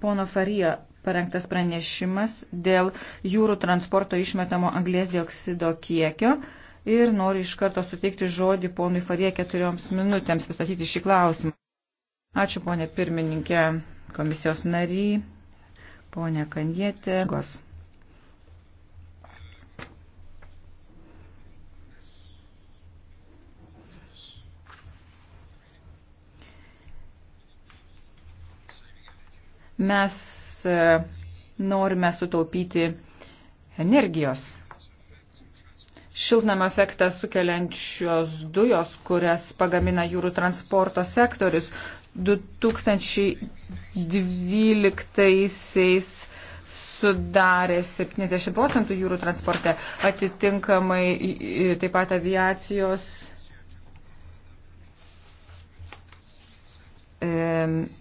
pono Farija parengtas pranešimas dėl jūrų transporto išmetamo anglės dioksido kiekio ir noriu iš karto suteikti žodį ponui Farija keturioms minutėms pristatyti šį klausimą. Ačiū ponė pirmininkė, komisijos nary, ponė Kandietė. Gos. Mes e, norime sutaupyti energijos. Šiltnamą efektą sukeliančios dujos, kurias pagamina jūrų transporto sektorius, 2012 sudarė 70 procentų jūrų transporte, atitinkamai taip pat aviacijos. E,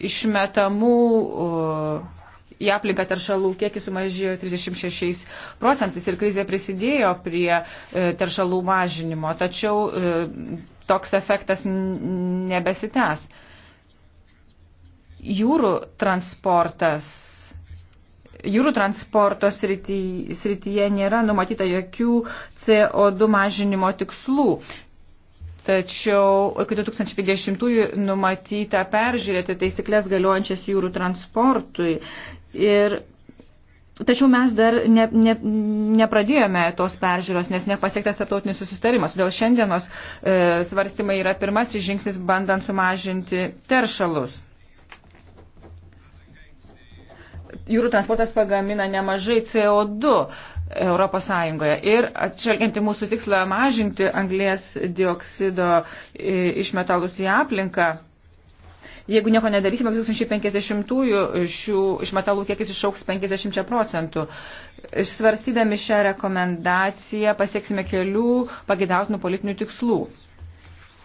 išmetamų uh, į aplinką teršalų kiekis sumažėjo 36 procentais ir krizė prisidėjo prie uh, teršalų mažinimo, tačiau uh, toks efektas nebesitęs. Jūrų transportas. Jūrų transporto srityje nėra numatyta jokių CO2 mažinimo tikslų. Tačiau iki 2050-ųjų numatyta peržiūrėti taisyklės galiojančias jūrų transportui. Ir Tačiau mes dar ne, ne, nepradėjome tos peržiūros, nes nepasiektas tarptautinis susitarimas. Todėl šiandienos e, svarstymai yra pirmasis žingsnis bandant sumažinti teršalus. Jūrų transportas pagamina nemažai CO2. E, Europos Sąjungoje. Ir atšvelgianti mūsų tikslą mažinti anglės dioksido e, išmetalus į aplinką, jeigu nieko nedarysime, 2050-ųjų šių išmetalų kiekis išauks 50 procentų. Svarstydami šią rekomendaciją pasieksime kelių pagidautinų politinių tikslų.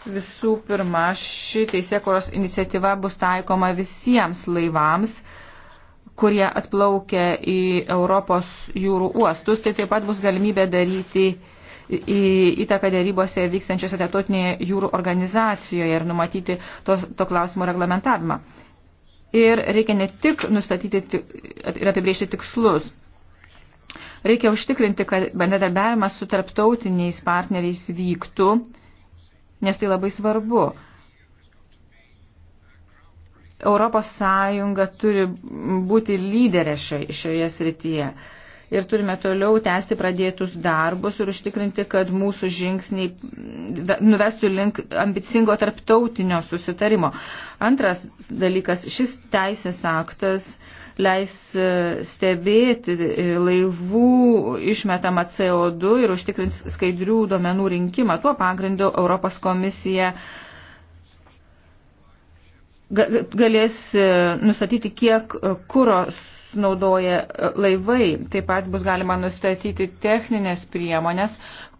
Visų pirma, ši teisėkoros iniciatyva bus taikoma visiems laivams kurie atplaukia į Europos jūrų uostus, tai taip pat bus galimybė daryti įtaką dėrybose vykstančiose tarptautinėje jūrų organizacijoje ir numatyti tos, to klausimo reglamentavimą. Ir reikia ne tik nustatyti ir apibriežti tikslus, reikia užtikrinti, kad bendradarbiavimas su tarptautiniais partneriais vyktų, nes tai labai svarbu. Europos Sąjunga turi būti lyderė šioje, šioje srityje. Ir turime toliau tęsti pradėtus darbus ir užtikrinti, kad mūsų žingsniai nuvestų link ambicingo tarptautinio susitarimo. Antras dalykas, šis teisės aktas leis e, stebėti e, laivų išmetamą CO2 ir užtikrins skaidrių duomenų rinkimą. Tuo pagrindu Europos komisija uh, galės e, nustatyti, kiek e, kūro naudoja e, laivai. Taip pat bus galima nustatyti techninės priemonės,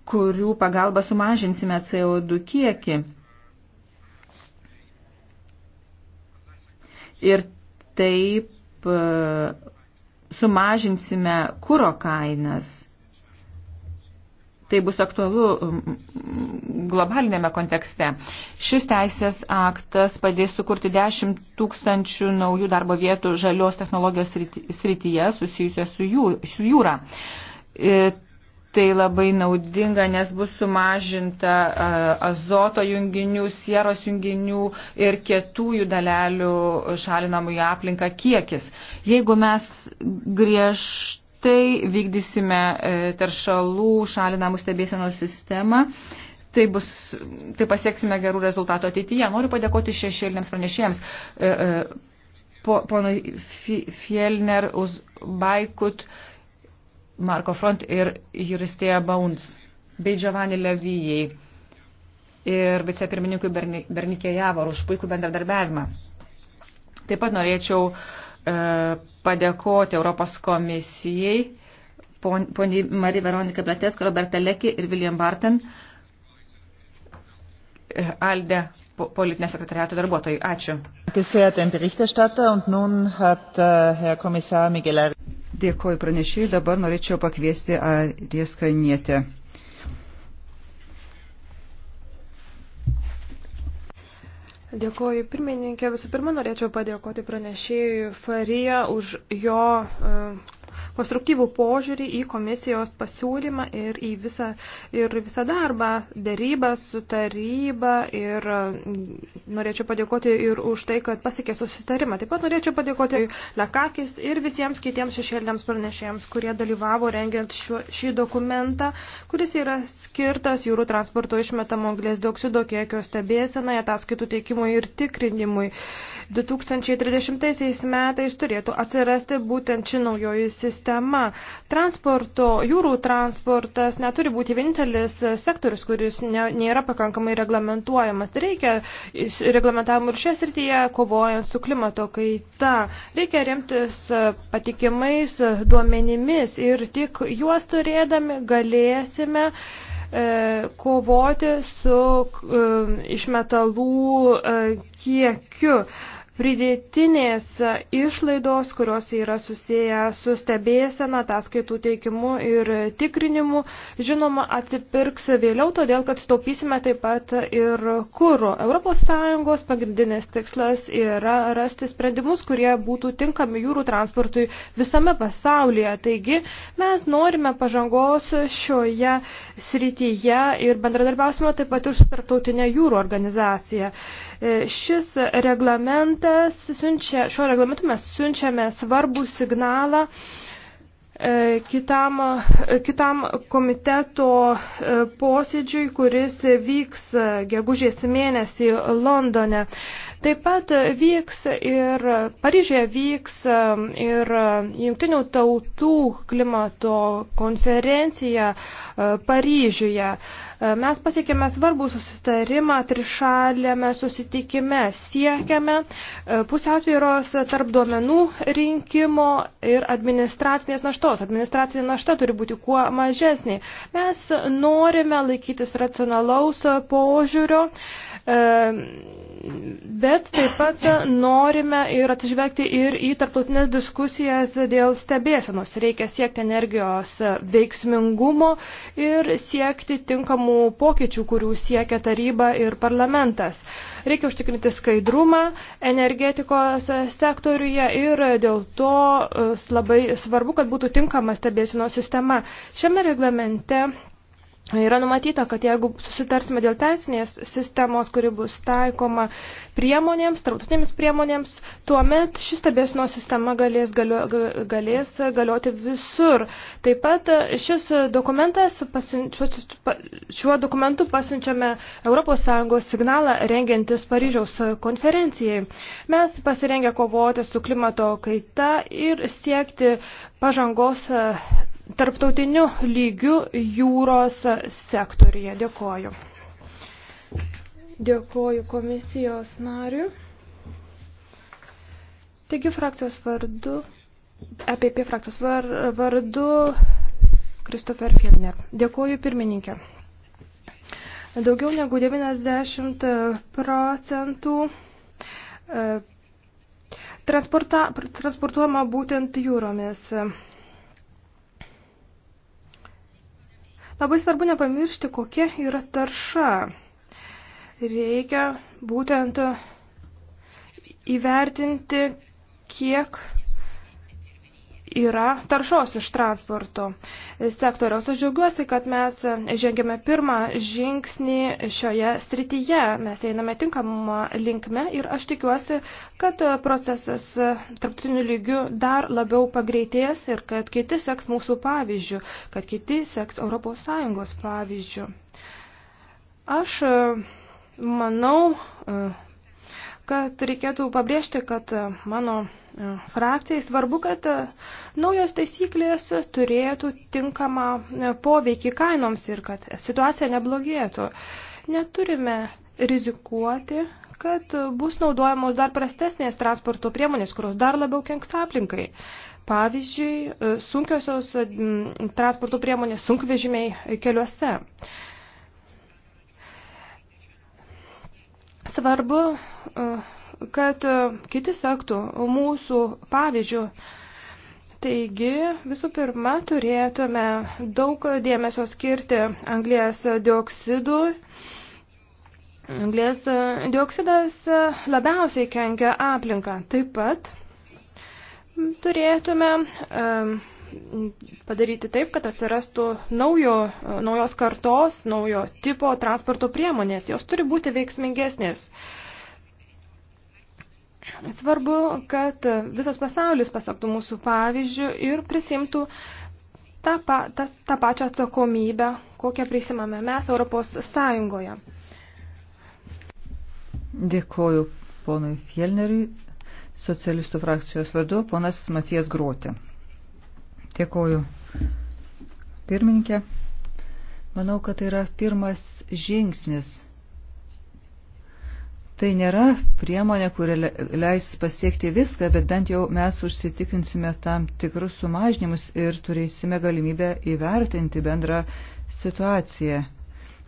kurių pagalba sumažinsime CO2 kiekį. Ir taip sumažinsime kūro kainas tai bus aktualu um, globalinėme kontekste. Šis teisės aktas padės sukurti 10 tūkstančių naujų darbo vietų žalios technologijos srityje susijusios su, jų, su jūra. E, tai labai naudinga, nes bus sumažinta e, azoto junginių, sieros junginių ir kietųjų dalelių šalinamų į aplinką kiekis. Jeigu mes griežtai Griežtai vykdysime e, teršalų šalinamų stebėsenos sistemą. Tai, bus, tai pasieksime gerų rezultatų ateityje. Noriu padėkoti šešėliniams pranešėjams. E, e, po, ponai Fielner, Uzbaikut, Marko Front ir Juristėja Bauns bei Giovanni Levijai ir vicepirmininkui Bernikė Javor už puikų bendradarbiavimą. Taip pat norėčiau uh, E, padėkoti Europos komisijai, poniai Marija Veronika Blatesko, Roberta Leki ir William Barton, e, Alde politinio sekretariato darbuotojai. Ačiū. Äh, Dėkoju pranešėjai, dabar norėčiau pakviesti Arieską Nietę. Dėkuoju pirmininkė. Visų pirma, norėčiau padėkoti pranešėjui Farija už jo e, konstruktyvų požiūrį į komisijos pasiūlymą ir į visą, ir visą darbą, dėrybą su taryba ir mm, norėčiau padėkoti ir už tai, kad pasikė susitarimą. Taip pat norėčiau padėkoti Lekakis ir visiems kitiems šešėliniams pranešėjams, kurie dalyvavo rengiant šiuo, šį dokumentą, kuris yra skirtas jūrų transporto išmetamo anglės dioksido kiekio stebėsenai, ataskaitų teikimui ir tikrinimui. 2030 metais turėtų atsirasti būtent ši naujoji sistema sistema. Transporto, jūrų transportas neturi būti vienintelis sektorius, kuris ne, nėra pakankamai reglamentuojamas. Tai reikia reglamentavimų ir šią srityje, kovojant su klimato kaita. Reikia remtis patikimais duomenimis ir tik juos turėdami galėsime e, kovoti su e, išmetalų e, kiekiu pridėtinės išlaidos, kurios yra susiję su stebėsena, ataskaitų teikimu ir tikrinimu, žinoma, atsipirks vėliau, todėl kad staupysime taip pat ir kūro. ES pagrindinis tikslas yra rasti sprendimus, kurie būtų tinkami jūrų transportui visame pasaulyje. Taigi mes norime pažangos šioje srityje ir bendradarbiausime taip pat ir su tarptautinė jūrų organizacija. E, šis reglamentas, siunčia, šio reglamentu mes siunčiame svarbų signalą e, kitam, e, kitam komiteto posėdžiui, kuris vyks gegužės mėnesį Londone. Taip pat vyks ir Paryžėje vyks um, ir um, jungtinių tautų klimato konferencija uh, Paryžiuje. Uh, mes pasiekėme svarbų susitarimą trišalėme susitikime, siekiame uh, pusiausvyros tarp duomenų rinkimo ir administracinės naštos. Administracinė našta turi būti kuo mažesnė. Mes norime laikytis racionalaus požiūrio bet taip pat norime ir atsižvelgti ir į tarptautinės diskusijas dėl stebėsenos. Reikia siekti energijos veiksmingumo ir siekti tinkamų pokyčių, kurių siekia taryba ir parlamentas. Reikia užtikrinti skaidrumą energetikos sektoriuje ir dėl to e, labai svarbu, kad būtų tinkama stebėsenos sistema. Šiame reglamente Yra numatyta, kad jeigu susitarsime dėl teisinės sistemos, kuri bus taikoma priemonėms, tarptautinėms priemonėms, tuomet ši stebėsinos sistema galės, galio, galės galioti visur. Taip pat šis dokumentas, pasin, šiuo, šiuo dokumentu pasiunčiame ES signalą rengiantis Paryžiaus konferencijai. Mes pasirengę kovoti su klimato kaita ir siekti pažangos tarptautiniu lygiu jūros sektorija. Dėkoju. Dėkoju komisijos nariu. Taigi frakcijos vardu, EPP frakcijos var, vardu Kristofer Fielner. Dėkoju pirmininkė. Daugiau negu 90 procentų e, transportuojama būtent jūromis. Labai svarbu nepamiršti, kokia yra tarša. Reikia būtent įvertinti, kiek yra taršos iš transporto sektoriaus. Aš džiaugiuosi, kad mes žengėme pirmą žingsnį šioje srityje. Mes einame tinkamą linkme ir aš tikiuosi, kad procesas tarptautiniu lygiu dar labiau pagreitės ir kad kiti seks mūsų pavyzdžių, kad kiti seks ES pavyzdžių. Aš e, manau, e, kad reikėtų pabrėžti, kad mano frakcijai svarbu, kad e, naujos taisyklės turėtų tinkamą e, poveikį kainoms ir kad situacija neblogėtų. Neturime rizikuoti, kad bus naudojamos dar prastesnės transporto priemonės, kurios dar labiau kenks aplinkai. Pavyzdžiui, e, sunkiosios transporto priemonės sunkvežimiai keliuose. Svarbu uh, kad e, kiti sektų mūsų pavyzdžių. Taigi, visų pirma, turėtume daug dėmesio skirti anglės dioksidų. Anglės e, dioksidas e, labiausiai kenkia aplinką. Taip pat turėtume padaryti taip, kad atsirastų naujo, naujos kartos, naujo tipo transporto priemonės. Jos turi būti veiksmingesnės. Svarbu, kad visas pasaulis pasaktų mūsų pavyzdžių ir prisimtų tą, pa, tas, tą pačią atsakomybę, kokią prisimame mes Europos Sąjungoje. Dėkoju ponui Fielneriui, socialistų frakcijos vadu, ponas Matijas Gruotė. Dėkoju pirmininkė. Manau, kad tai yra pirmas žingsnis Tai nėra priemonė, kuri leis pasiekti viską, bet bent jau mes užsitikrinsime tam tikrus sumažinimus ir turėsime galimybę įvertinti bendrą situaciją.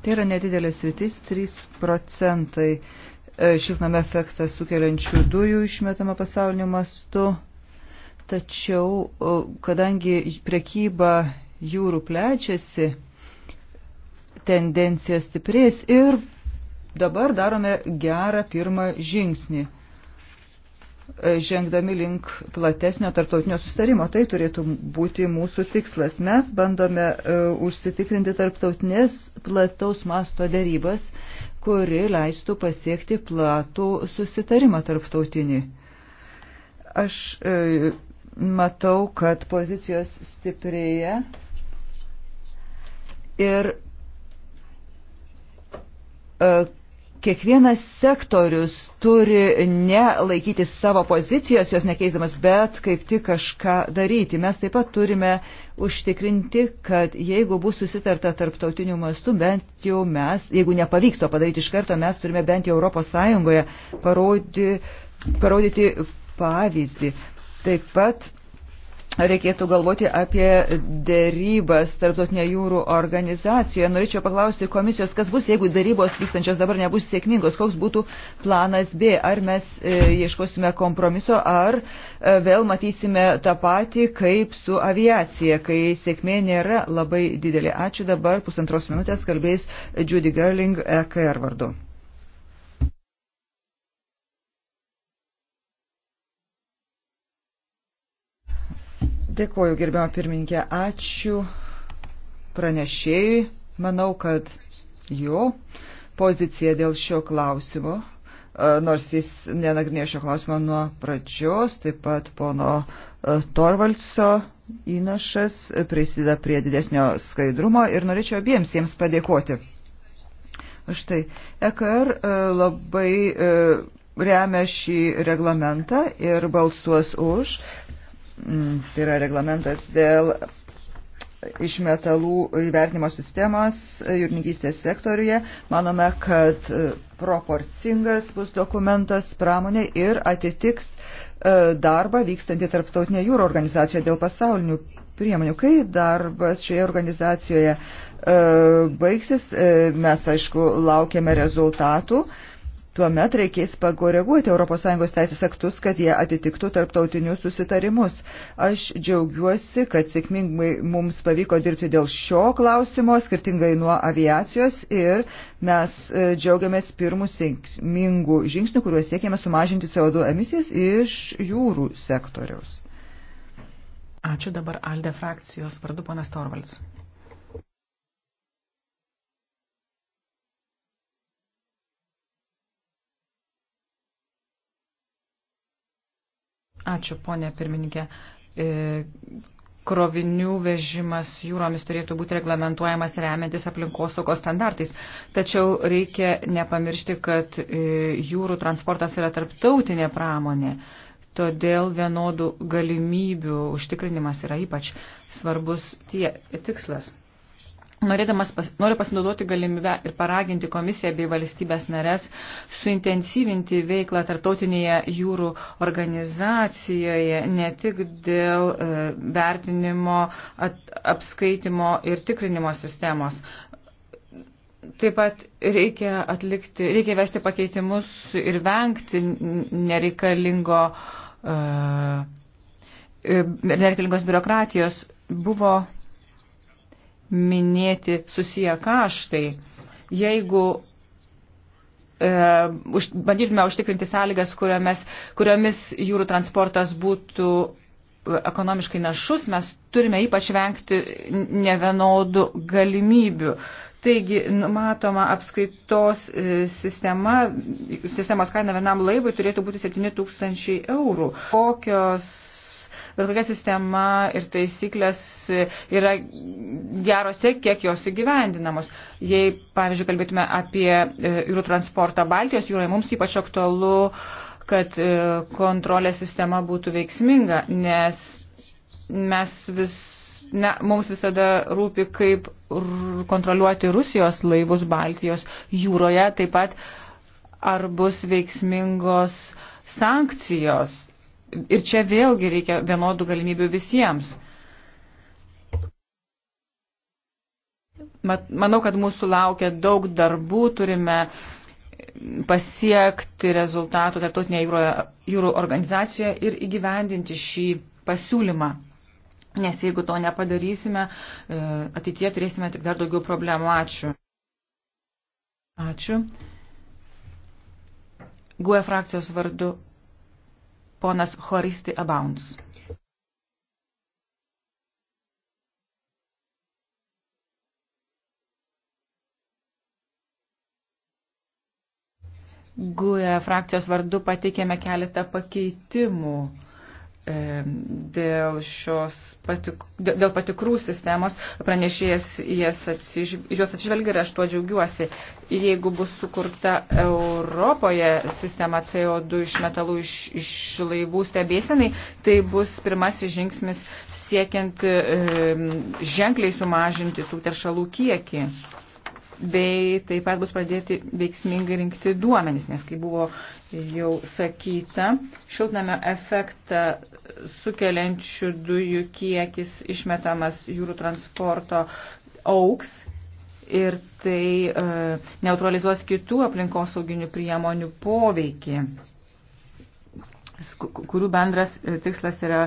Tai yra nedidelės rytis, 3 procentai e, šiltnamio efektą sukeliančių dujų išmetama pasauliniu mastu. Tačiau, kadangi prekyba jūrų plečiasi, tendencija stiprės ir dabar darome gerą pirmą žingsnį, e, žengdami link platesnio tarptautinio sustarimo. Tai turėtų būti mūsų tikslas. Mes bandome e, užsitikrinti tarptautinės plataus masto dėrybas, kuri leistų pasiekti platų susitarimą tarptautinį. Aš e, matau, kad pozicijos stiprėja ir kiekvienas sektorius turi ne laikyti savo pozicijos, jos nekeisdamas, bet kaip tik kažką daryti. Mes taip pat turime užtikrinti, kad jeigu bus susitarta tarptautiniu mastu, bent jau mes, jeigu nepavyks to padaryti iš karto, mes turime bent jau Europos Sąjungoje parodyti, parodyti pavyzdį. Taip pat reikėtų galvoti apie dėrybas tarptautinė jūrų organizacijoje. Norėčiau paklausti komisijos, kas bus, jeigu dėrybos vykstančios dabar nebus sėkmingos, koks būtų planas B, ar mes e, ieškosime kompromiso, ar e, vėl matysime tą patį kaip su aviacija, kai sėkmė nėra labai didelė. Ačiū dabar, pusantros minutės kalbės Judy Gerling EKR vardu. Dėkuoju, gerbiamą pirmininkę. Ačiū pranešėjui. Manau, kad jo pozicija dėl šio klausimo, e, nors jis nenagrinėjo šio klausimo nuo pradžios, taip pat pono e, Torvalco įnašas prisideda prie didesnio skaidrumo ir norėčiau abiems jiems padėkoti. Štai, EKR e, labai remia šį reglamentą ir balsuos už. Mm, tai yra reglamentas dėl išmetalų įvertinimo sistemos jūrininkystės sektoriuje. Manome, kad e, proporcingas bus dokumentas pramonė ir atitiks e, darbą vykstantį tarptautinę jūro organizaciją dėl pasaulinių priemonių. Kai darbas šioje organizacijoje e, baigsis, mes aišku laukiame rezultatų. Tuomet reikės pagoreguoti ES teisės aktus, kad jie atitiktų tarptautinius susitarimus. Aš džiaugiuosi, kad sėkmingai mums pavyko dirbti dėl šio klausimo, skirtingai nuo aviacijos, ir mes e, džiaugiamės pirmų sėkmingų žingsnių, kuriuos siekėme sumažinti CO2 emisijas iš jūrų sektoriaus. Ačiū dabar Alde frakcijos vardu, ponas Torvalds. Ačiū, ponė pirmininkė. E, krovinių vežimas jūromis turėtų būti reglamentuojamas remiantis aplinkosaugos standartais. Tačiau reikia nepamiršti, kad e, jūrų transportas yra tarptautinė pramonė. Todėl vienodų galimybių užtikrinimas yra ypač svarbus tie tikslas. Norėdamas pas, noriu pasinaudoti galimybę ir paraginti komisiją bei valstybės narės suintensyvinti veiklą tarptautinėje jūrų organizacijoje, ne tik dėl e, vertinimo, at, apskaitimo ir tikrinimo sistemos. Taip pat reikia atlikti, reikia vesti pakeitimus ir vengti nereikalingo, e, e nereikalingos biurokratijos. Buvo minėti susiję kaštai. Jeigu e, už, bandytume užtikrinti sąlygas, kuriomis, kuriomis jūrų transportas būtų ekonomiškai našus, mes turime ypač vengti nevienodų galimybių. Taigi numatoma apskaitos e, sistema, sistemos kaina vienam laivui turėtų būti 7000 eurų. Kokios bet kokia sistema ir taisyklės yra geros tiek, kiek jos įgyvendinamos. Jei, pavyzdžiui, kalbėtume apie e, jūrų transportą Baltijos jūroje, mums ypač aktualu, kad e, kontrolės sistema būtų veiksminga, nes mes vis ne, mums visada rūpi, kaip kontroliuoti Rusijos laivus Baltijos jūroje, taip pat ar bus veiksmingos sankcijos Ir čia vėlgi reikia vienodų galimybių visiems. Manau, kad mūsų laukia daug darbų, turime pasiekti rezultatų tarptautinėje jūrų organizacijoje ir įgyvendinti šį pasiūlymą. Nes jeigu to nepadarysime, e, ateitie turėsime tik dar daugiau problemų. Ačiū. Ačiū. GUE frakcijos vardu ponas Horisti Abauns. GUE frakcijos vardu pateikėme keletą pakeitimų. E, dėl, šios patik, dėl patikrų sistemos pranešėjas jas atsiž, juos atsižvelgia ir aš tuo džiaugiuosi. Ir jeigu bus sukurta Europoje sistema CO2 iš metalų iš, iš laivų stebėsenai, tai bus pirmasis žingsnis siekiant e, ženkliai sumažinti tų teršalų kiekį bei taip pat bus pradėti veiksmingai rinkti duomenys, nes kaip buvo jau sakyta, šiltnamio efektą sukeliančių dujų kiekis išmetamas jūrų transporto auks ir tai e, neutralizuos kitų aplinkosauginių priemonių poveikį kurių bendras e, tikslas yra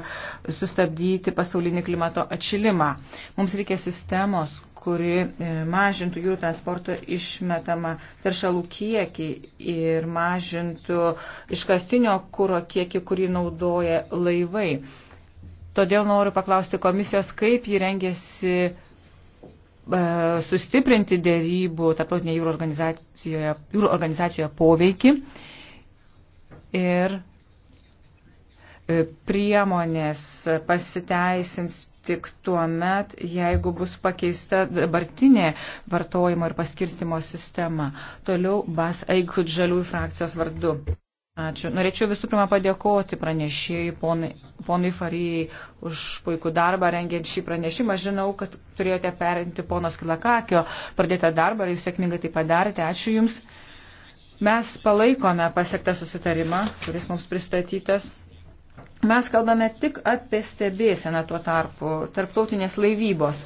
sustabdyti pasaulinį klimato atšilimą. Mums reikia sistemos, kuri e, mažintų jūrų transporto išmetamą teršalų kiekį ir mažintų iškastinio kūro kiekį, kurį naudoja laivai. Todėl noriu paklausti komisijos, kaip jį rengėsi e, sustiprinti dėrybų tarptautinėje jūrų organizacijoje, jūrų organizacijoje poveikį ir e, priemonės pasiteisins tik tuo met, jeigu bus pakeista dabartinė vartojimo ir paskirstimo sistema. Toliau Bas Aikud Žaliųjų frakcijos vardu. Ačiū. Norėčiau visų pirma padėkoti pranešėjai ponui, ponui Farijai už puikų darbą rengiant šį pranešimą. Žinau, kad turėjote perinti ponos Kilakakio pradėtą darbą ir jūs sėkmingai tai padarėte. Ačiū Jums. Mes palaikome pasiektą susitarimą, kuris mums pristatytas Mes kalbame tik apie stebėseną tuo tarpu, tarptautinės laivybos.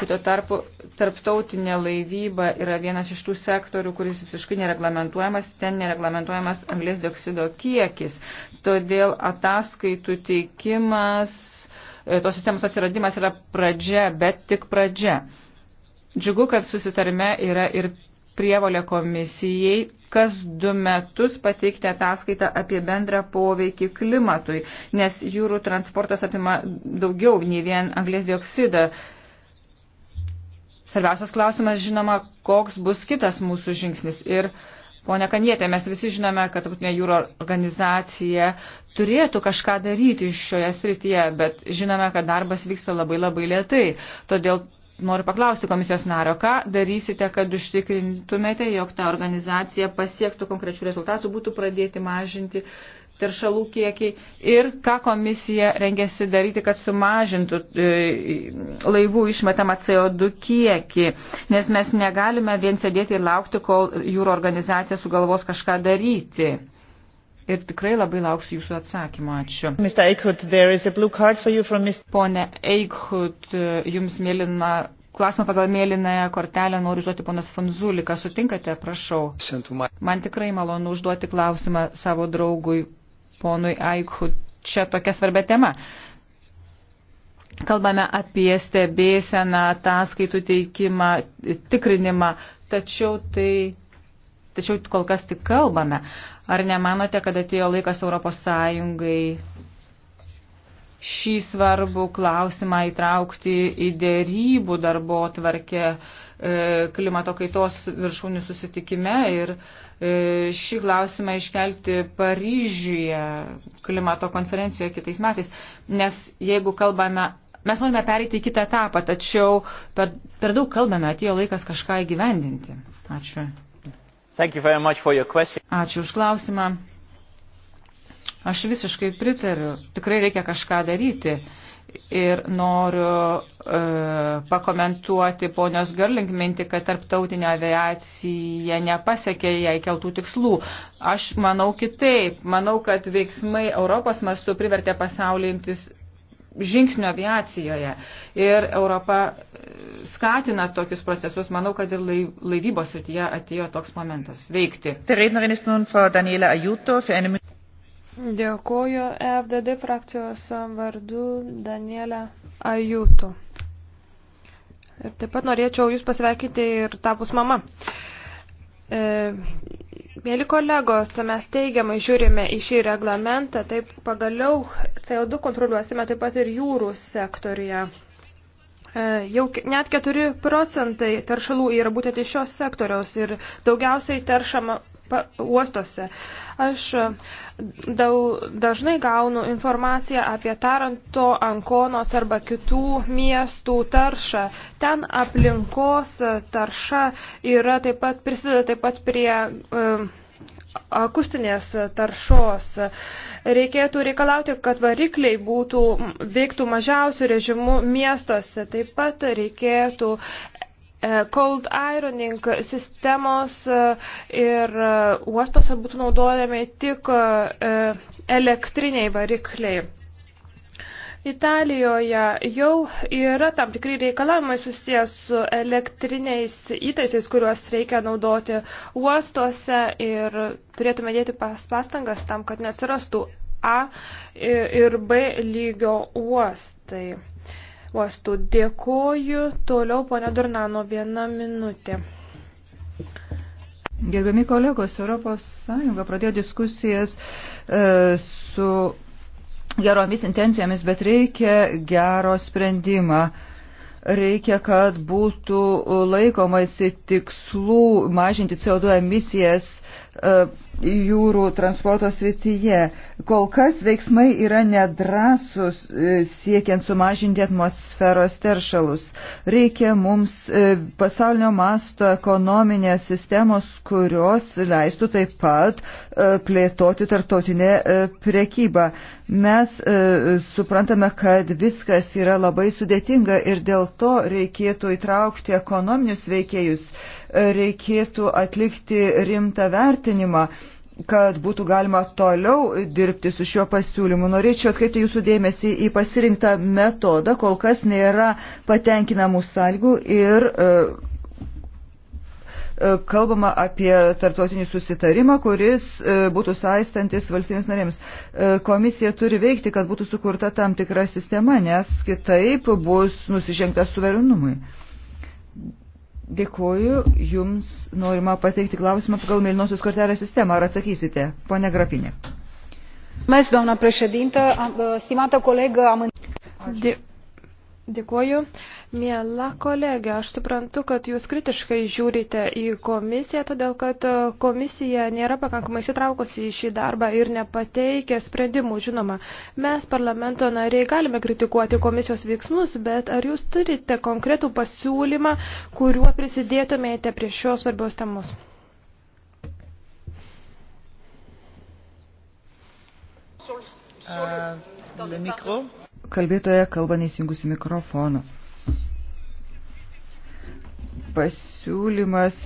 Kito tarpu, tarptautinė laivyba yra vienas iš tų sektorių, kuris visiškai nereglamentuojamas, ten nereglamentuojamas anglės dioksido kiekis. Todėl ataskaitų teikimas, e, tos sistemos atsiradimas yra pradžia, bet tik pradžia. Džiugu, kad susitarime yra ir prievolę komisijai kas du metus pateikti ataskaitą apie bendrą poveikį klimatui, nes jūrų transportas apima daugiau nei vien anglės dioksidą. Svarbiausias klausimas, žinoma, koks bus kitas mūsų žingsnis. Ir, ponia Kanietė, mes visi žinome, kad Tautinė jūro organizacija turėtų kažką daryti šioje srityje, bet žinome, kad darbas vyksta labai labai lietai. Todėl Noriu paklausti komisijos nario, ką darysite, kad užtikrintumėte, jog ta organizacija pasiektų konkrečių rezultatų, būtų pradėti mažinti teršalų kiekiai ir ką komisija rengiasi daryti, kad sumažintų e, laivų išmetamą CO2 kiekį, nes mes negalime vien sėdėti ir laukti, kol jūro organizacija sugalvos kažką daryti ir tikrai labai lauksiu jūsų atsakymo. Ačiū. Eichhut, Pone Eichhut, jums mėlyna. Klausimą pagal mėlynąją kortelę noriu užduoti ponas Fanzulika. Sutinkate, prašau. Man tikrai malonu užduoti klausimą savo draugui ponui Aikhut. Čia tokia svarbia tema. Kalbame apie stebėseną, ataskaitų teikimą, tikrinimą, tačiau tai, tačiau kol kas tik kalbame. Ar nemanote, kad atėjo laikas Europos Sąjungai šį svarbų klausimą įtraukti į dėrybų darbo tvarkę e, klimato kaitos viršūnių susitikime ir e, šį klausimą iškelti Paryžiuje klimato konferencijoje kitais metais. Nes jeigu kalbame, mes norime pereiti į kitą etapą, tačiau per, per daug kalbame, atėjo laikas kažką įgyvendinti. Ačiū. Ačiū už klausimą. Aš visiškai pritariu, tikrai reikia kažką daryti. Ir noriu e, pakomentuoti ponios Garling mintį, kad tarptautinė aviacija nepasiekė jai keltų tikslų. Aš manau kitaip. Manau, kad veiksmai Europos mastu privertė pasaulį imtis žingsnio aviacijoje. Ir Europa skatina tokius procesus. Manau, kad ir laivybos srityje atėjo toks momentas veikti. Dėkuoju FDD frakcijos vardu Danielę Ajuto. Ir taip pat norėčiau Jūs pasveikinti ir tapus mama. Uh, E, mėly kolegos, mes teigiamai žiūrime į šį reglamentą, taip pagaliau CO2 kontroliuosime taip pat ir jūrų sektoriuje. E, jau net 4 procentai taršalų yra būtent iš šios sektoriaus ir daugiausiai teršama uostuose. Aš e, daug, dažnai gaunu informaciją apie Taranto, Ankonos arba kitų miestų taršą. Ten aplinkos e, tarša yra taip pat, prisideda taip pat prie um, akustinės taršos. Reikėtų reikalauti, kad varikliai būtų, veiktų mažiausių režimų miestuose. Taip pat reikėtų E, cold ironing sistemos e, ir e, uostose būtų naudojami tik elektriniai varikliai. Italijoje jau yra tam tikri reikalavimai susijęs su elektriniais įtaisais, kuriuos reikia naudoti uostuose ir turėtume dėti pastangas tam, kad neatsirastų A ir B lygio uostai uostų. Dėkoju. Toliau, ponia Durnano, viena minutė. Gerbiami kolegos, ES pradėjo diskusijas e, su geromis intencijomis, bet reikia gero sprendimą. Reikia, kad būtų laikomasi tikslų mažinti CO2 emisijas E, jūrų transporto srityje. Kol kas veiksmai yra nedrasus e, siekiant sumažinti atmosferos teršalus. Reikia mums e, pasaulinio masto ekonominės sistemos, kurios leistų taip pat plėtoti tarptautinę prekybą. Mes suprantame, kad viskas yra labai sudėtinga ir dėl to reikėtų įtraukti ekonominius veikėjus reikėtų atlikti rimtą vertinimą kad būtų galima toliau dirbti su šiuo pasiūlymu. Norėčiau atkreipti jūsų dėmesį į pasirinktą metodą, kol kas nėra patenkinamų sąlygų ir e, e kalbama apie tarptautinį susitarimą, kuris e, būtų saistantis valstybės narėms. E, komisija turi veikti, kad būtų sukurta tam tikra sistema, nes kitaip bus nusižengta suverenumui. Dėkuoju, jums norima pateikti klausimą pagal mėlynosios kortelės sistemą. Ar atsakysite, ponia Grapinė? Mes, doamna președintă, stimată colegă, am... Dė... Dėkuoju. Miela kolegė, aš suprantu, kad jūs kritiškai žiūrite į komisiją, todėl kad e, komisija nėra pakankamai sitraukusi į šį darbą ir nepateikia sprendimų. Žinoma, mes parlamento nariai galime kritikuoti komisijos veiksmus, bet ar jūs turite konkretų pasiūlymą, kuriuo prisidėtumėte prie šios svarbios temos? Uh, le micro. Kalbėtoja kalba neįsijungusi mikrofonu. Pasiūlymas.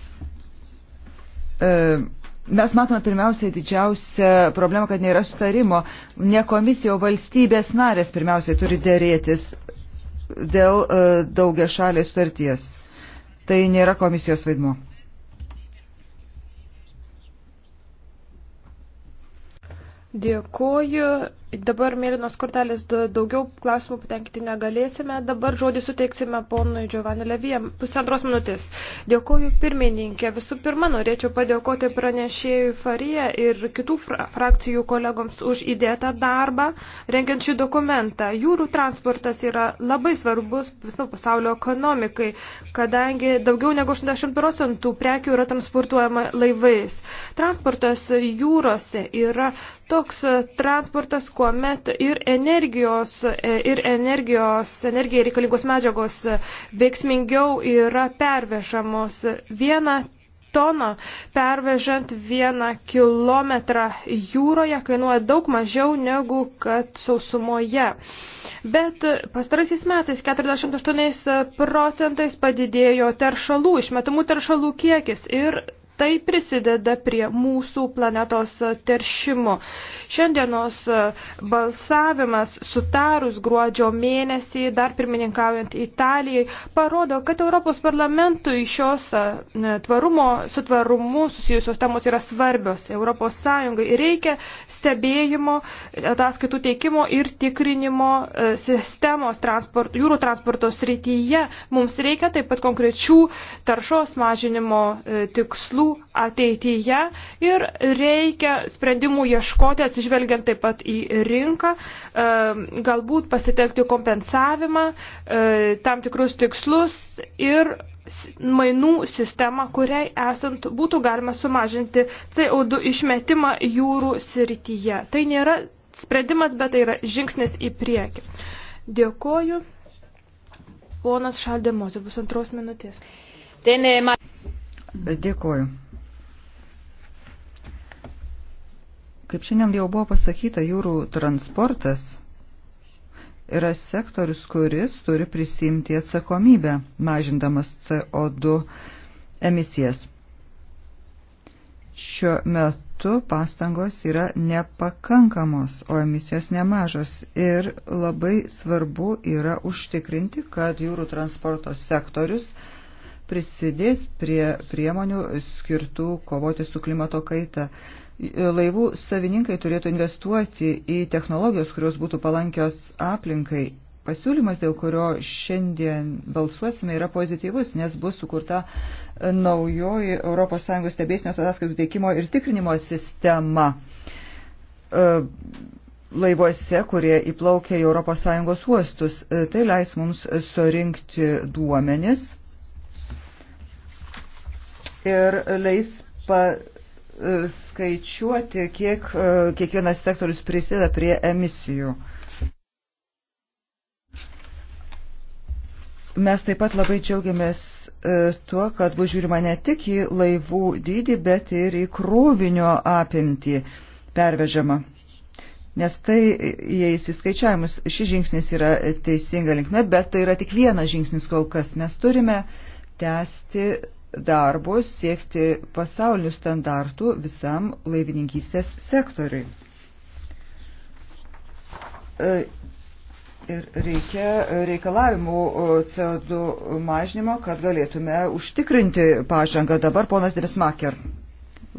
E, mes matome pirmiausiai didžiausią problemą, kad nėra sutarimo. Ne komisija, o valstybės narės pirmiausiai turi dėrėtis dėl e, daugia šalės sutarties. Tai nėra komisijos vaidmo. Dėkuoju. Dabar mėlynos kortelės daugiau klausimų patenkinti negalėsime. Dabar žodį suteiksime ponui Giovanni Levijam. Pusantros minutės. Dėkuoju pirmininkė. Visų pirma, norėčiau padėkoti pranešėjui Farija ir kitų frakcijų kolegoms už įdėtą darbą, rengiant šį dokumentą. Jūrų transportas yra labai svarbus viso pasaulio ekonomikai, kadangi daugiau negu 80 procentų prekių yra transportuojama laivais. Transportas jūrose yra toks transportas, kuomet ir energijos, e, ir energijos, energijai reikalingos medžiagos veiksmingiau yra pervešamos. Viena toną pervežant vieną kilometrą jūroje kainuoja daug mažiau negu kad sausumoje. Bet pastaraisiais metais 48 procentais padidėjo teršalų, išmetamų teršalų kiekis ir tai prisideda prie mūsų planetos teršimo. Šiandienos balsavimas sutarus gruodžio mėnesį, dar pirmininkaujant Italijai, parodo, kad Europos parlamentui šios tvarumo, su tvarumu susijusios temos yra svarbios. Europos Sąjungai reikia stebėjimo, ataskaitų teikimo ir tikrinimo e, sistemos transport, jūrų transporto srityje. Mums reikia taip pat konkrečių taršos mažinimo e, tikslų ateityje ir reikia sprendimų ieškoti, atsižvelgiant taip pat į rinką, e, galbūt pasitelkti kompensavimą, e, tam tikrus tikslus ir mainų sistemą, kuriai esant būtų galima sumažinti CO2 išmetimą jūrų srityje. Tai nėra sprendimas, bet tai yra žingsnis į priekį. Dėkoju. Ponas Šaldė Mozė, bus antros minutės. Tenė, man... Dėkoju. Kaip šiandien jau buvo pasakyta, jūrų transportas yra sektorius, kuris turi prisimti atsakomybę, mažindamas CO2 emisijas. Šiuo metu pastangos yra nepakankamos, o emisijos nemažos ir labai svarbu yra užtikrinti, kad jūrų transporto sektorius prisidės prie priemonių skirtų kovoti su klimato kaita. Laivų savininkai turėtų investuoti į technologijos, kurios būtų palankios aplinkai. Pasiūlymas, dėl kurio šiandien balsuosime, yra pozityvus, nes bus sukurta naujoji ES stebėsinės ataskaitų teikimo ir tikrinimo sistema e, laivuose, kurie įplaukia į ES uostus. E, tai leis mums surinkti duomenis ir leis paskaičiuoti, e, kiek e, kiekvienas sektorius prisideda prie emisijų. Mes taip pat labai džiaugiamės e, tuo, kad bus žiūrima ne tik į laivų dydį, bet ir į krovinio apimtį pervežama. Nes tai įeis į skaičiavimus. Šis žingsnis yra teisinga linkme, bet tai yra tik vienas žingsnis kol kas. Mes turime tęsti darbus, siekti pasaulinių standartų visam laivininkystės sektoriui. E, ir reikia reikalavimų e, CO2 mažinimo, kad galėtume užtikrinti pažangą. Dabar ponas Dresmaker.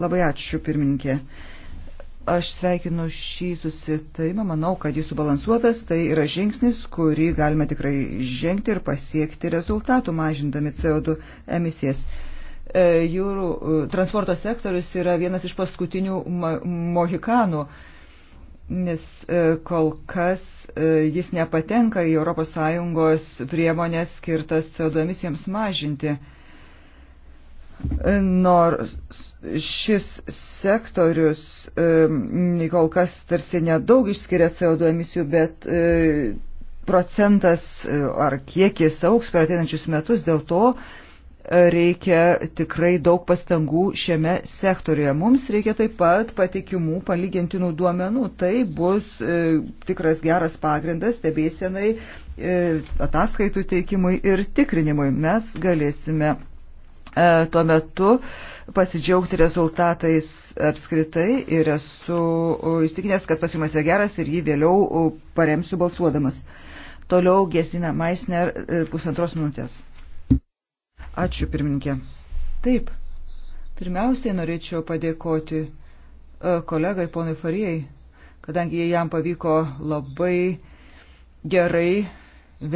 Labai ačiū, pirmininkė. Aš sveikinu šį susitarimą, manau, kad jis subalansuotas, tai yra žingsnis, kurį galime tikrai žengti ir pasiekti rezultatų, mažindami CO2 emisijas. E, jūrų e, transporto sektorius yra vienas iš paskutinių mohikanų, nes e, kol kas jis nepatenka į ES priemonės skirtas CO2 emisijoms mažinti nors šis sektorius e, kol kas tarsi nedaug išskiria CO2 emisijų, bet e, procentas e, ar kiekis auks per ateinančius metus, dėl to reikia tikrai daug pastangų šiame sektoriuje. Mums reikia taip pat patikimų palygintinų duomenų. Tai bus e, tikras geras pagrindas stebėsienai, e, ataskaitų teikimui ir tikrinimui. Mes galėsime E, tuo metu pasidžiaugti rezultatais apskritai ir esu e, įstikinęs, kad pasiūlymas yra geras ir jį vėliau e, paremsiu balsuodamas. Toliau Gesina Maisner pusantros minutės. Ačiū pirmininkė. Taip. Pirmiausiai norėčiau padėkoti kolegai ponui Farijai, kadangi jam pavyko labai gerai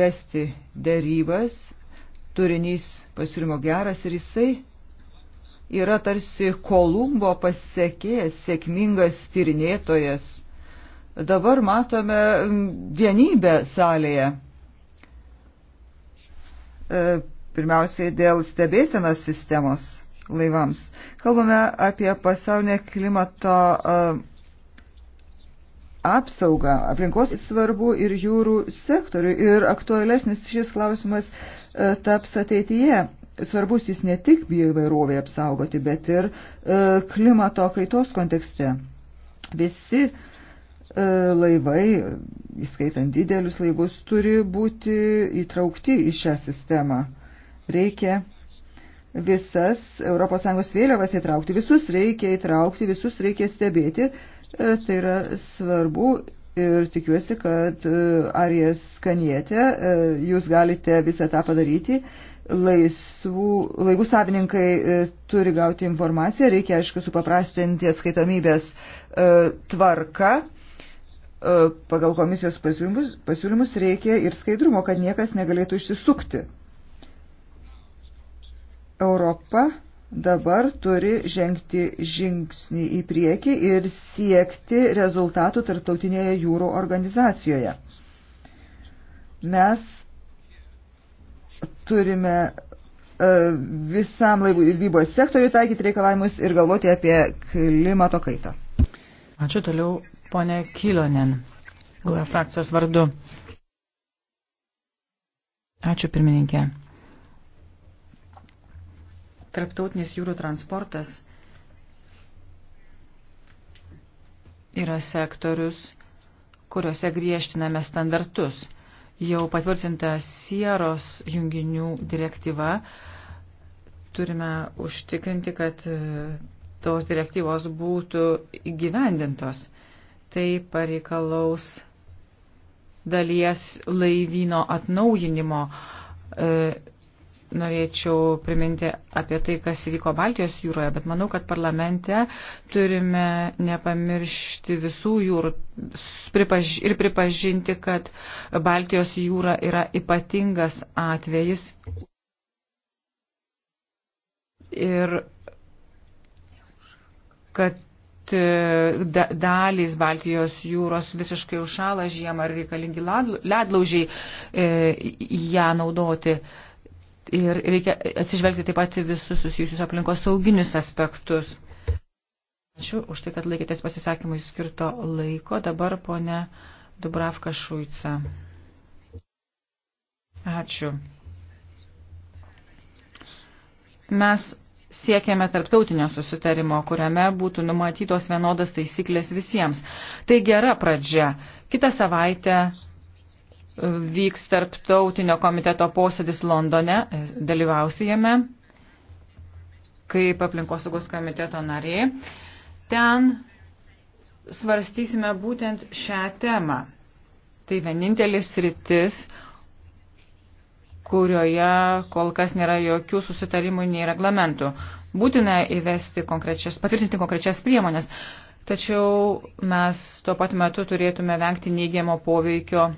vesti dėrybas turinys pasiūlymo geras ir jisai yra tarsi Kolumbo pasiekėjas, sėkmingas tyrinėtojas. Dabar matome vienybę salėje. E, pirmiausiai dėl stebėsenos sistemos laivams. Kalbame apie pasaulinę klimato e, apsaugą. Aplinkos svarbu ir jūrų sektoriui. Ir aktualesnis šis klausimas e, taps ateityje. Svarbus jis ne tik bioįvairovėje apsaugoti, bet ir e, klimato kaitos kontekste. Visi e, laivai, įskaitant didelius laivus, turi būti įtraukti į šią sistemą. Reikia visas ES vėliavas įtraukti, visus reikia įtraukti, visus reikia stebėti, E, tai yra svarbu ir tikiuosi, kad e, Arijas Kanietė, e, jūs galite visą tą padaryti. Laisvų, laivų savininkai turi gauti informaciją, reikia aišku supaprastinti atskaitomybės tvarką pagal komisijos pasiūlymus, pasiūlymus reikia ir skaidrumo, kad niekas negalėtų išsisukti. Europa dabar turi žengti žingsnį į priekį ir siekti rezultatų tarptautinėje jūrų organizacijoje. Mes turime e, visam laivybos sektoriui taikyti reikalavimus ir galvoti apie klimato kaitą. Ačiū toliau, ponė Kilonen, GUE frakcijos vardu. Ačiū pirmininkė. Tarptautinis jūrų transportas yra sektorius, kuriuose griežtiname standartus. Jau patvirtinta sieros junginių direktyva. Turime užtikrinti, kad e, tos direktyvos būtų įgyvendintos. Tai pareikalaus dalies laivyno atnaujinimo. E, norėčiau priminti apie tai, kas įvyko Baltijos jūroje, bet manau, kad parlamente turime nepamiršti visų jūrų ir pripažinti, kad Baltijos jūra yra ypatingas atvejis. Ir kad e, dalys Baltijos jūros visiškai užšala žiemą ir reikalingi ledlaužiai e, ją naudoti. E, ir reikia atsižvelgti taip pat visus susijusius aplinkos sauginius aspektus. Ačiū už tai, kad laikėtės pasisakymui skirto laiko. Dabar ponė Dubravka Šuica. Ačiū. Mes siekiame tarptautinio susitarimo, kuriame būtų numatytos vienodas taisyklės visiems. Tai gera pradžia. Kita savaitė vyks tarptautinio komiteto posėdis Londone, dalyvausi jame kaip aplinkosaugos komiteto narė. Ten svarstysime būtent šią temą. Tai vienintelis rytis, kurioje kol kas nėra jokių susitarimų nei reglamentų. Būtina įvesti konkrečias, patvirtinti konkrečias priemonės, tačiau mes tuo pat metu turėtume vengti neigiamo poveikio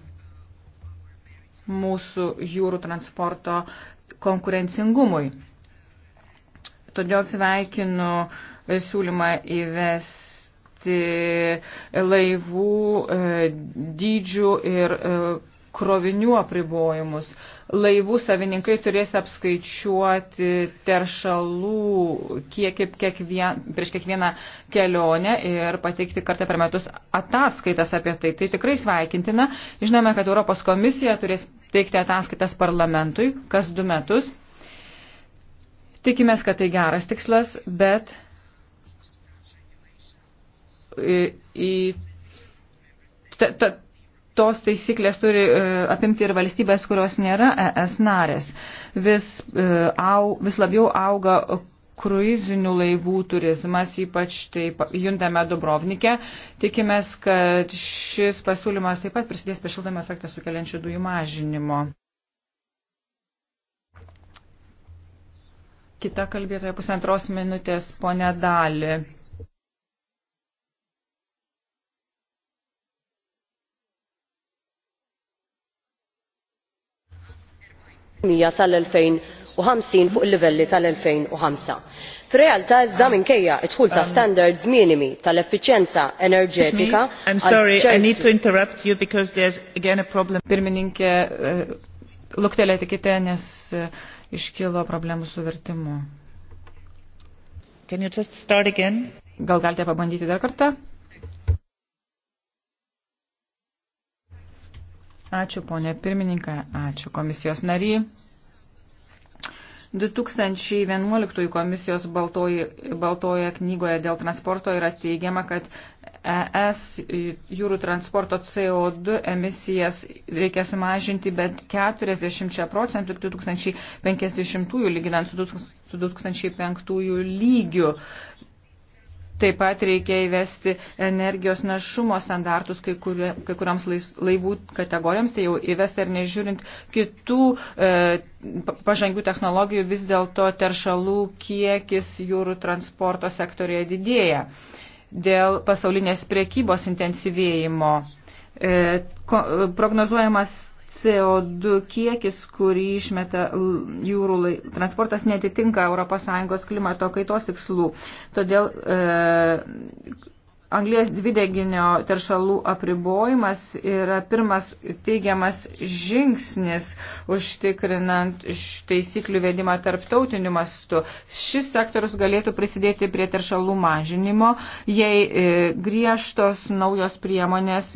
mūsų jūrų transporto konkurencingumui. Todėl sveikinu siūlymą įvesti laivų e, dydžių ir e, krovinių apribojimus. Laivų savininkai turės apskaičiuoti teršalų kiekį kiekvien, prieš kiekvieną kelionę ir pateikti kartą per metus ataskaitas apie tai. Tai tikrai sveikintina. Žinome, kad Europos komisija turės teikti ataskaitas parlamentui kas du metus. Tikimės, kad tai geras tikslas, bet į, į ta, ta, tos taisyklės turi e, apimti ir valstybės, kurios nėra ES narės. Vis, e, au, vis labiau auga kruizinių laivų turizmas, ypač tai juntame Dubrovnike. Tikimės, kad šis pasiūlymas taip pat prisidės prie šiltame efektą sukeliančių dujų mažinimo. Kita kalbėtoja pusantros minutės, ponė Dali. tal-2050 fuq il-livelli tal-2005. fir-realtà iżda ah. minkejja d dħul ta' um, standards minimi tal effiċjenza enerġetika Pirmininkė, eh, luktelėtikite, nes eh, iškilo problemų su vertimu. Gal galite pabandyti dar kartą? Ačiū, ponė pirmininkė, ačiū komisijos nary. 2011 komisijos baltoji, baltoje knygoje dėl transporto yra teigiama, kad ES jūrų transporto CO2 emisijas reikia sumažinti bent 40 procentų iki 2050 lyginant su 2005 lygiu. Taip pat reikia įvesti energijos našumo standartus kai, kurie, kai kurioms laivų kategorijoms, tai jau įvesta ir nežiūrint kitų e, pažangių technologijų, vis dėlto teršalų kiekis jūrų transporto sektorėje didėja dėl pasaulinės priekybos intensyvėjimo. E, ko, e, prognozuojamas CO2 kiekis, kurį išmeta jūrų lai... transportas, netitinka ES klimato kaitos tikslų. Todėl e, Anglės dvideginio teršalų apribojimas yra pirmas teigiamas žingsnis užtikrinant taisyklių vedimą tarptautiniu mastu. Šis sektorius galėtų prisidėti prie teršalų mažinimo, jei e, griežtos naujos priemonės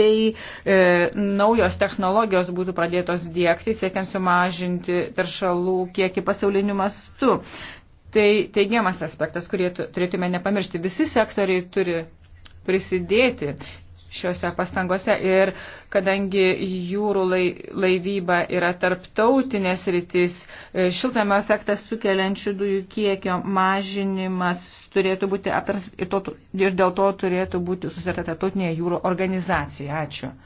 bei e, naujos technologijos būtų pradėtos dėkti, siekiant sumažinti teršalų kiekį pasauliniu mastu. Tai teigiamas aspektas, kurį turėtume nepamiršti. Visi sektoriai turi prisidėti šiuose pastangose ir kadangi jūrų laivyba yra tarptautinės rytis, e, šiltame efektą sukeliančių dujų kiekio mažinimas turėtų būti aptars ir, to, ir dėl to turėtų būti susitarta tarptautinė jūrų organizacija. Ačiū.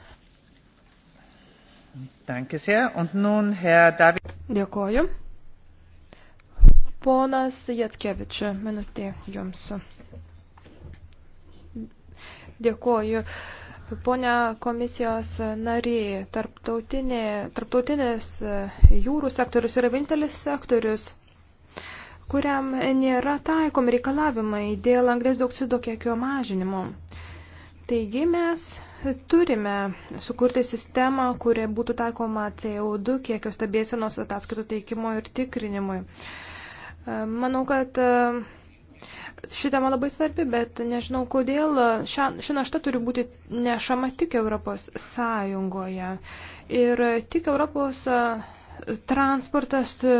Dėkoju. Ponas Jatkevičia, minutė jums. Dėkuoju. Pone komisijos nariai, tarptautinis jūrų sektorius yra vienintelis sektorius, kuriam nėra taikomi reikalavimai dėl anglės dioksido kiekio mažinimo. Taigi mes turime sukurti sistemą, kuria būtų taikoma CO2 kiekio stebėsenos ataskaitų teikimo ir tikrinimui. Manau, kad e, ši tema labai svarbi, bet nežinau, kodėl ši našta turi būti nešama tik Europos Sąjungoje. Ir tik Europos e, transportas, e,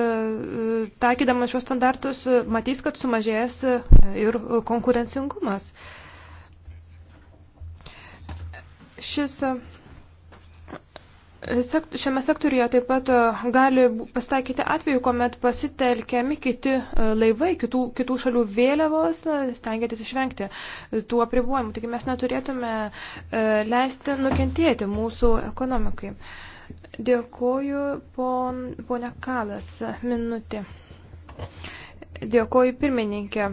taikydamas šios standartus, matys, kad sumažės ir konkurencingumas. Šis Šiame sektoriuje taip pat e, gali pasitaikyti atveju, kuomet pasitelkiami kiti e, laivai, kitų, kitų šalių vėliavos, stengiantis išvengti e, tų apribojimų. Taigi mes neturėtume leisti nukentėti mūsų ekonomikai. Dėkoju, pon, ponia Kalas, minutė. Dėkoju, pirmininkė.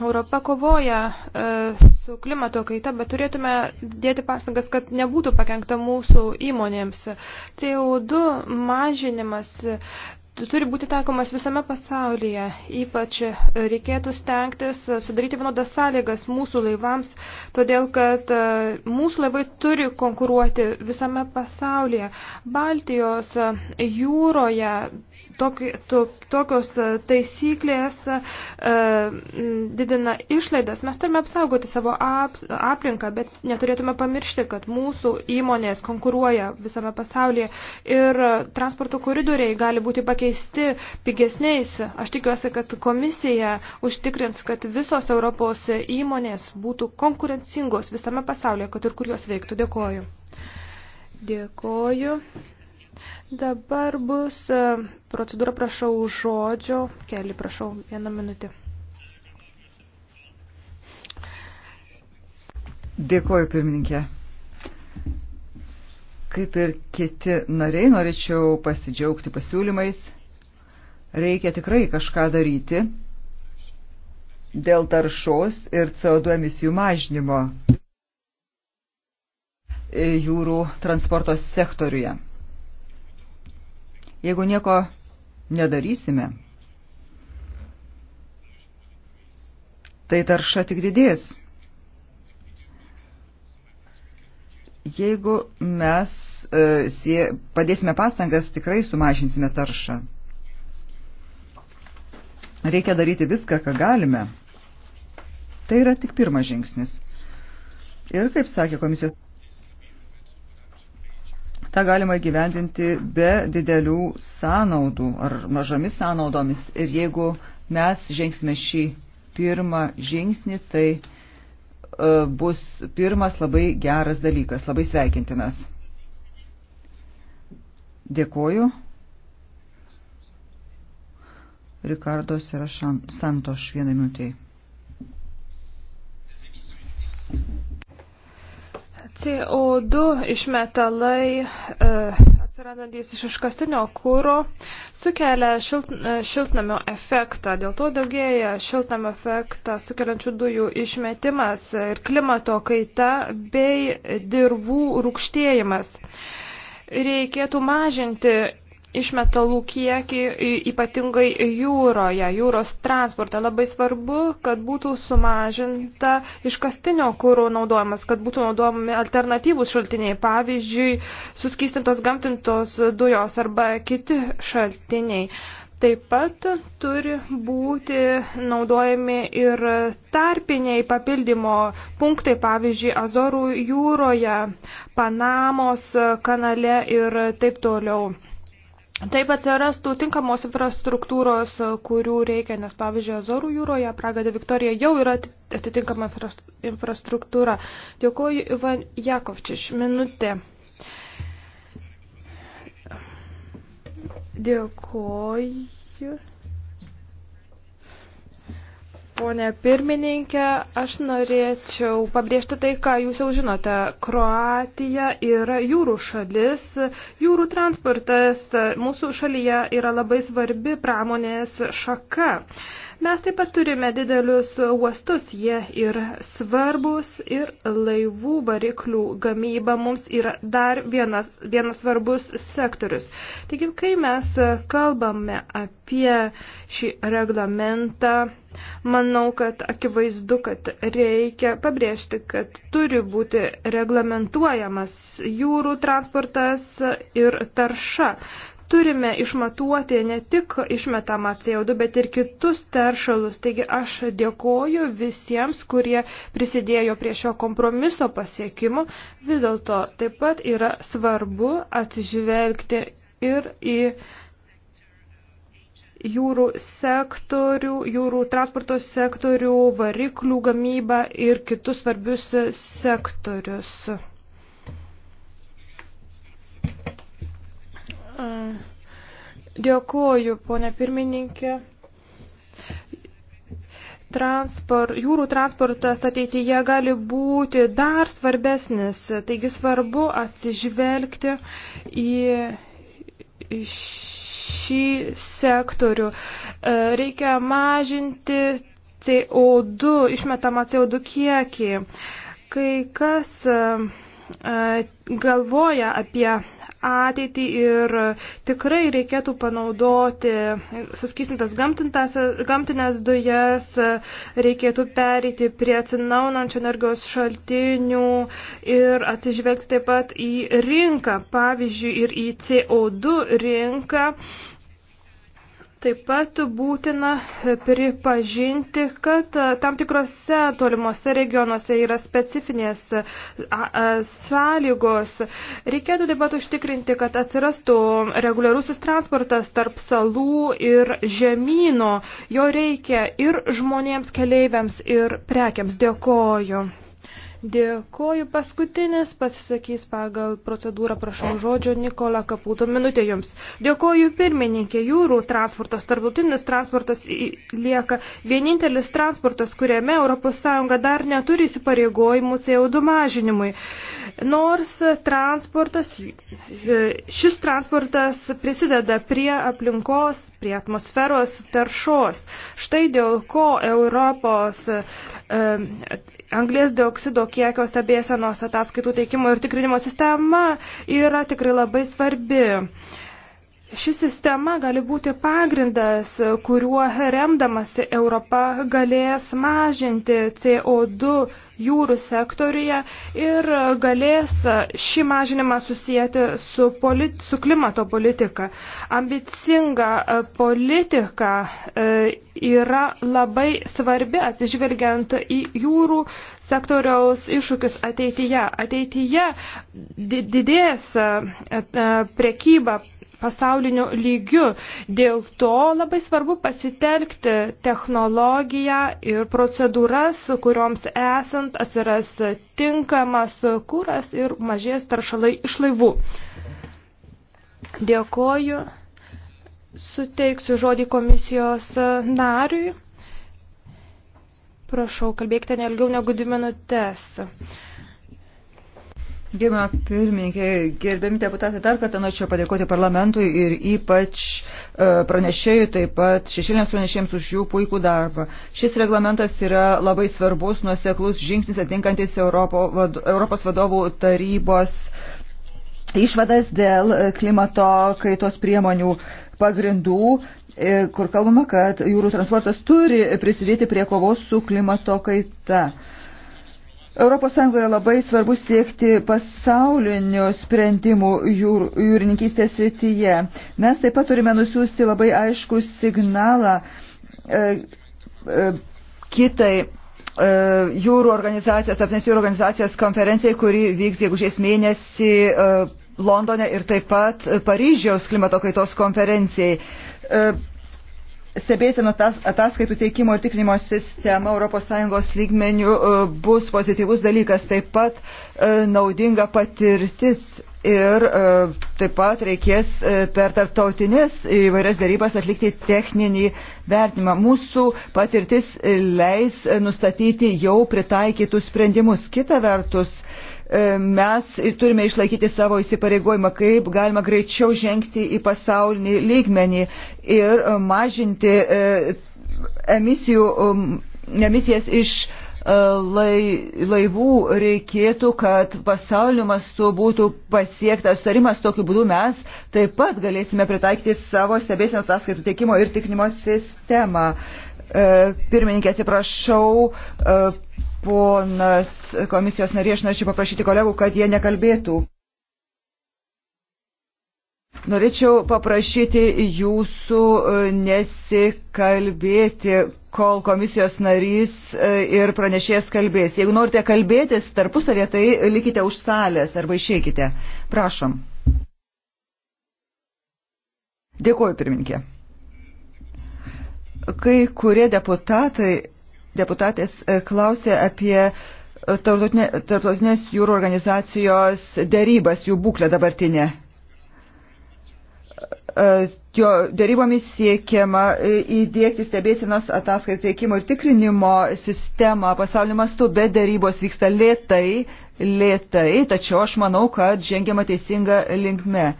Europa kovoja e, su klimato kaita, bet turėtume dėti pastangas, kad nebūtų pakengta mūsų įmonėms. CO2 mažinimas turi būti taikomas visame pasaulyje. Ypač reikėtų stengtis sudaryti vienodas sąlygas mūsų laivams, todėl kad e, mūsų laivai turi konkuruoti visame pasaulyje. Baltijos jūroje tok, tok, tokios taisyklės e, didina išlaidas. Mes turime apsaugoti savo ap, aplinką, bet neturėtume pamiršti, kad mūsų įmonės konkuruoja visame pasaulyje ir transporto koridoriai gali būti pakeisti pakeisti pigesniais. Aš tikiuosi, kad komisija užtikrins, kad visos Europos įmonės būtų konkurencingos visame pasaulyje, kad ir kur jos veiktų. Dėkoju. Dėkoju. Dabar bus e, procedūra, prašau, žodžio. Keli, prašau, vieną minutę. Dėkoju, pirmininkė. Kaip ir kiti nariai, norėčiau pasidžiaugti pasiūlymais Reikia tikrai kažką daryti dėl taršos ir CO2 emisijų mažnymo jūrų transporto sektoriuje. Jeigu nieko nedarysime, tai tarša tik didės. Jeigu mes e, padėsime pastangas, tikrai sumažinsime taršą. Reikia daryti viską, ką galime. Tai yra tik pirmas žingsnis. Ir, kaip sakė komisijos, tą galima gyvendinti be didelių sąnaudų ar mažomis sąnaudomis. Ir jeigu mes žingsime šį pirmą žingsnį, tai e, bus pirmas labai geras dalykas, labai sveikintinas. Dėkuoju. Rikardos yra Santoš vienai minutiai. CO2 išmetalai e, atsirandantys iš iškastinio kūro sukelia šilt, e, šiltnamio efektą. Dėl to daugėja šiltnamio efektą sukeliančių dujų išmetimas ir klimato kaita bei dirvų rūkštėjimas. Reikėtų mažinti išmetalų kiekį, ypatingai jūroje, jūros transportą. Labai svarbu, kad būtų sumažinta iškastinio kūro naudojimas, kad būtų naudojami alternatyvūs šaltiniai, pavyzdžiui, suskystintos gamtintos dujos arba kiti šaltiniai. Taip pat turi būti naudojami ir tarpiniai papildymo punktai, pavyzdžiui, Azorų jūroje, Panamos kanale ir taip toliau. Taip atsirastų tinkamos infrastruktūros, kurių reikia, nes pavyzdžiui, Azorų jūroje Pragada Viktorija jau yra atitinkama infrastruktūra. Dėkuoju Ivan Jakovčiš. Minutė. Dėkuoju. Pone pirmininkė, aš norėčiau pabrėžti tai, ką jūs jau žinote. Kroatija yra jūrų šalis, jūrų transportas mūsų šalyje yra labai svarbi pramonės šaka. Mes taip pat turime didelius uostus, jie yra svarbus ir laivų variklių gamyba mums yra dar vienas, vienas svarbus sektorius. Taigi, kai mes kalbame apie šį reglamentą, Manau, kad akivaizdu, kad reikia pabrėžti, kad turi būti reglamentuojamas jūrų transportas ir tarša. Turime išmatuoti ne tik išmetamą CO2, bet ir kitus teršalus. Taigi aš dėkoju visiems, kurie prisidėjo prie šio kompromiso pasiekimo. Vis dėlto taip pat yra svarbu atsižvelgti ir į jūrų sektorių, jūrų transporto sektorių, variklių gamybą ir kitus svarbius sektorius. Dėkuoju, ponė pirmininkė. Transport, jūrų transportas ateityje gali būti dar svarbesnis, taigi svarbu atsižvelgti į iš šį sektorių. E, reikia mažinti CO2, išmetamą CO2 kiekį. Kai kas e, E, galvoja apie ateitį ir tikrai reikėtų panaudoti suskistintas gamtinės dujas, reikėtų pereiti prie atsinaunančių energijos šaltinių ir atsižvelgti taip pat į rinką, pavyzdžiui, ir į CO2 rinką. Uh, Taip pat būtina pripažinti, kad e, tam tikrose tolimuose regionuose yra specifinės e, e, sąlygos. Reikėtų taip pat užtikrinti, kad atsirastų reguliarusis transportas tarp salų ir žemynų. Jo reikia ir žmonėms, keleiviams, ir prekiams. Dėkoju. Dėkoju. Paskutinis pasisakys pagal procedūrą, prašau žodžio, Nikola Kaputo minutė jums. Dėkoju pirmininkė, jūrų transportas, tarptautinis transportas lieka vienintelis transportas, kuriame ES dar neturi įsipareigojimų CO2 mažinimui. Nors transportas, šis transportas prisideda prie aplinkos, prie atmosferos taršos. Štai dėl ko Europos e, anglės dioksido kiekio stebėsenos ataskaitų teikimo ir tikrinimo sistema yra tikrai labai svarbi. Ši sistema gali būti pagrindas, kuriuo remdamasi Europa galės mažinti CO2 jūrų sektoriuje ir galės šį mažinimą susijęti su, polit, su klimato politika. Ambicinga e, politika e, yra labai svarbi atsižvelgiant į jūrų sektoriaus iššūkius ateityje. Ateityje didės e, e, prekyba pasauliniu lygiu. Dėl to labai svarbu pasitelkti technologiją ir procedūras, kurioms esant atsiras tinkamas kūras ir mažės taršalai iš laivų. Dėkoju. Suteiksiu žodį komisijos nariui. Prašau, kalbėkite nelgiau negu dvi minutės. Gerbima pirmininkė, gerbiami deputatai, dar kartą norėčiau padėkoti parlamentui ir ypač e, pranešėjui, taip pat šešėlėms pranešėjams už jų puikų darbą. Šis reglamentas yra labai svarbus, nuoseklus žingsnis atinkantis Europo, Europos vadovų tarybos išvadas dėl klimato kaitos priemonių pagrindų E, kur kalbama, kad jūrų transportas turi prisidėti prie kovos su klimato kaita. ES yra labai svarbu siekti pasaulinių sprendimų jūr, jūrininkystės srityje. Mes taip pat turime nusiųsti labai aišku signalą e, e, kitai e, jūrų organizacijos, apnes jūrų organizacijos konferencijai, kuri vyks gegužės mėnesį e, Londone ir taip pat Paryžiaus klimato kaitos konferencijai. E, stebėsienos ataskaitų teikimo ir tikrinimo sistema ES lygmenių e, bus pozityvus dalykas, taip pat e, naudinga patirtis ir taip pat reikės per tarptautinės įvairias darybas atlikti techninį vertinimą. Mūsų patirtis leis nustatyti jau pritaikytus sprendimus. Kita vertus, E, mes turime išlaikyti savo įsipareigojimą, kaip galima greičiau žengti į pasaulinį lygmenį ir mažinti e, emisijų, emisijas iš e, lai, laivų reikėtų, kad pasaulio mastu būtų pasiektas sutarimas, tokiu būdu mes taip pat galėsime pritaikyti savo stebėsinio ataskaitų teikimo ir tikrinimo sistemą. Pirmininkė, atsiprašau, Ponas komisijos narė, aš norėčiau paprašyti kolegų, kad jie nekalbėtų. Norėčiau paprašyti jūsų e, nesikalbėti, kol komisijos narys e, ir pranešėjas kalbės. Jeigu norite kalbėtis tarpusavė, tai likite už salės arba išeikite. Prašom. Dėkuoju, pirminkė. Kai kurie deputatai deputatės e, klausė apie e, tarptautinės jūrų organizacijos dėrybas, jų būklę dabartinę. E, jo dėrybomis siekiama įdėkti stebėsinos ataskaitų teikimo ir tikrinimo sistemą pasaulio mastu, bet dėrybos vyksta lėtai, lėtai, tačiau aš manau, kad žengiama teisinga linkme. E,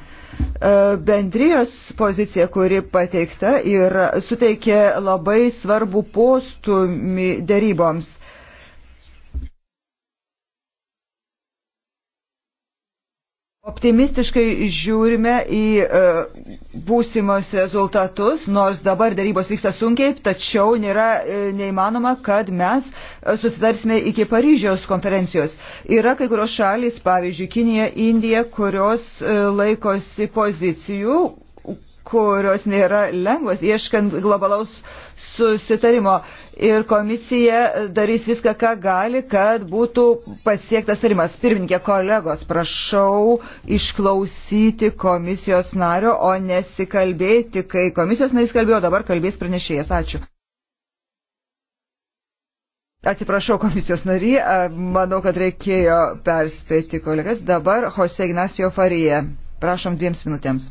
bendrijos pozicija, kuri pateikta, ir suteikė labai svarbų postumį deryboms. Optimistiškai žiūrime į e, būsimus rezultatus, nors dabar darybos vyksta sunkiai, tačiau nėra e, neįmanoma, kad mes e, susitarsime iki Paryžiaus konferencijos. Yra kai kurios šalys, pavyzdžiui, Kinija, Indija, kurios e, laikosi pozicijų, kurios nėra lengvas, ieškant globalaus susitarimo. Ir komisija darys viską, ką gali, kad būtų pasiektas tarimas. Pirmininkė, kolegos, prašau išklausyti komisijos nario, o nesikalbėti, kai komisijos narys kalbėjo, dabar kalbės pranešėjas. Ačiū. Atsiprašau komisijos narį, manau, kad reikėjo perspėti kolegas. Dabar Jose Ignacio Farija. Prašom dviems minutėms.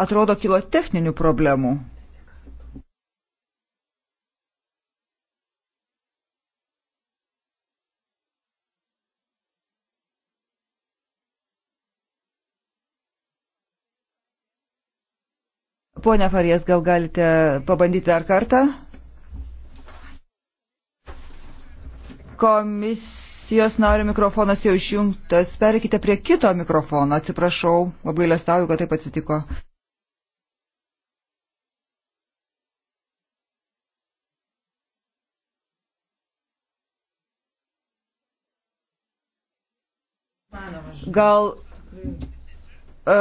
atrodo kilo techninių problemų. Pone Farijas, gal galite pabandyti dar kartą? Komisijos nario mikrofonas jau išjungtas. Perikite prie kito mikrofono. Atsiprašau, labai lėstauju, kad taip atsitiko. Gal e,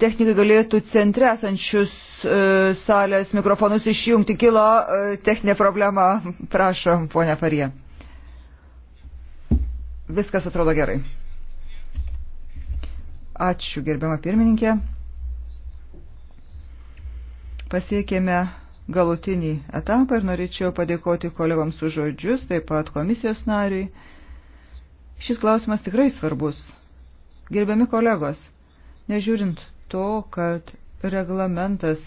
technikai galėtų centre esančius e, salės mikrofonus išjungti. Kilo e, techninė problema. Prašom, ponia Farija. Viskas atrodo gerai. Ačiū, gerbiama pirmininkė. Pasiekėme galutinį etapą ir norėčiau padėkoti kolegoms už žodžius, taip pat komisijos nariui. Šis klausimas tikrai svarbus. Gerbiami kolegos, nežiūrint to, kad reglamentas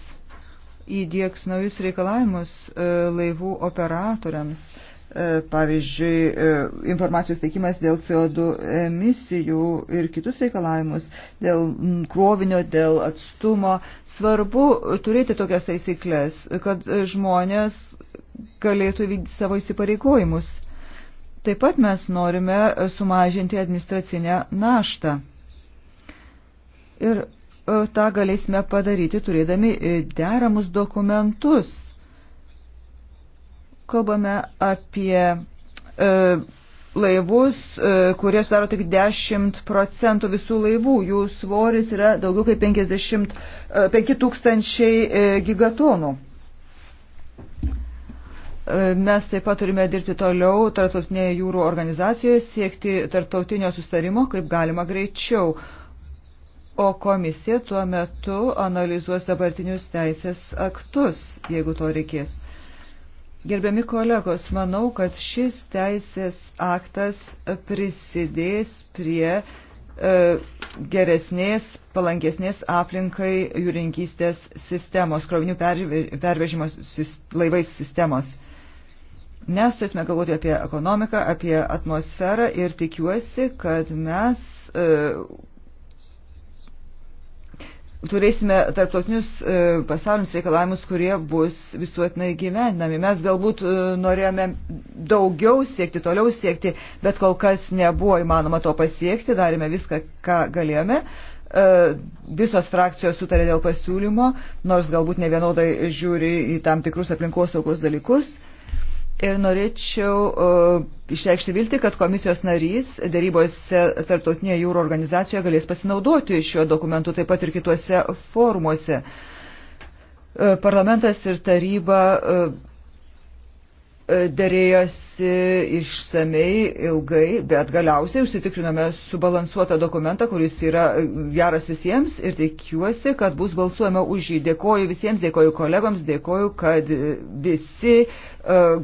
įdėks naujus reikalavimus e, laivų operatoriams, e, pavyzdžiui, e, informacijos teikimas dėl CO2 emisijų ir kitus reikalavimus, dėl krovinio, dėl atstumo. Svarbu turėti tokias taisyklės, kad žmonės galėtų vykdyti savo įsipareigojimus. Taip pat mes norime sumažinti administracinę naštą. Ir e, tą galėsime padaryti turėdami e, deramus dokumentus. Kalbame apie e, laivus, e, kurie sudaro tik 10 procentų visų laivų. Jų svoris yra daugiau kaip 50, e, 5 tūkstančiai e, gigatonų. Mes taip pat turime dirbti toliau tarptautinėje jūrų organizacijoje, siekti tarptautinio sustarimo kaip galima greičiau. O komisija tuo metu analizuos dabartinius teisės aktus, jeigu to reikės. Gerbiami kolegos, manau, kad šis teisės aktas prisidės prie e, geresnės, palankesnės aplinkai jūrinkystės sistemos, krovinių pervežimo laivais sistemos. Mes turėtume galvoti apie ekonomiką, apie atmosferą ir tikiuosi, kad mes e, turėsime tarptautinius e, pasaulinius reikalavimus, kurie bus visuotinai gyvendami. Mes galbūt e, norėjome daugiau siekti, toliau siekti, bet kol kas nebuvo įmanoma to pasiekti, darėme viską, ką galėjome. E, visos frakcijos sutarė dėl pasiūlymo, nors galbūt ne vienodai žiūri į tam tikrus aplinkosaugos dalykus. Ir norėčiau uh, išreikšti vilti, kad komisijos narys darybose tarptautinėje jūro organizacijoje galės pasinaudoti šiuo dokumentu taip pat ir kituose formuose. Uh, e, parlamentas ir taryba uh, E, dėrėjosi išsamei, ilgai, bet galiausiai užsitikrinome subalansuotą dokumentą, kuris yra e, geras visiems ir tikiuosi, kad bus balsuojama už jį. Dėkoju visiems, dėkoju kolegams, dėkoju, kad e, visi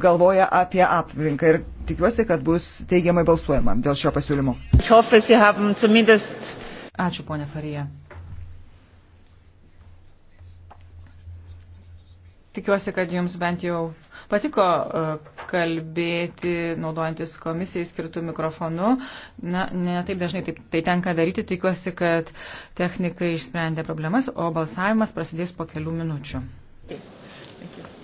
galvoja apie aplinką ir tikiuosi, kad bus teigiamai balsuojama dėl šio pasiūlymo. Ačiū, ponė Farija. Tikiuosi, kad jums bent jau patiko e, kalbėti, naudojantis komisijai skirtų mikrofonu. Na, ne taip dažnai taip, tai tenka daryti. Tikiuosi, kad technikai išsprendė problemas, o balsavimas prasidės po kelių minučių. Thank you.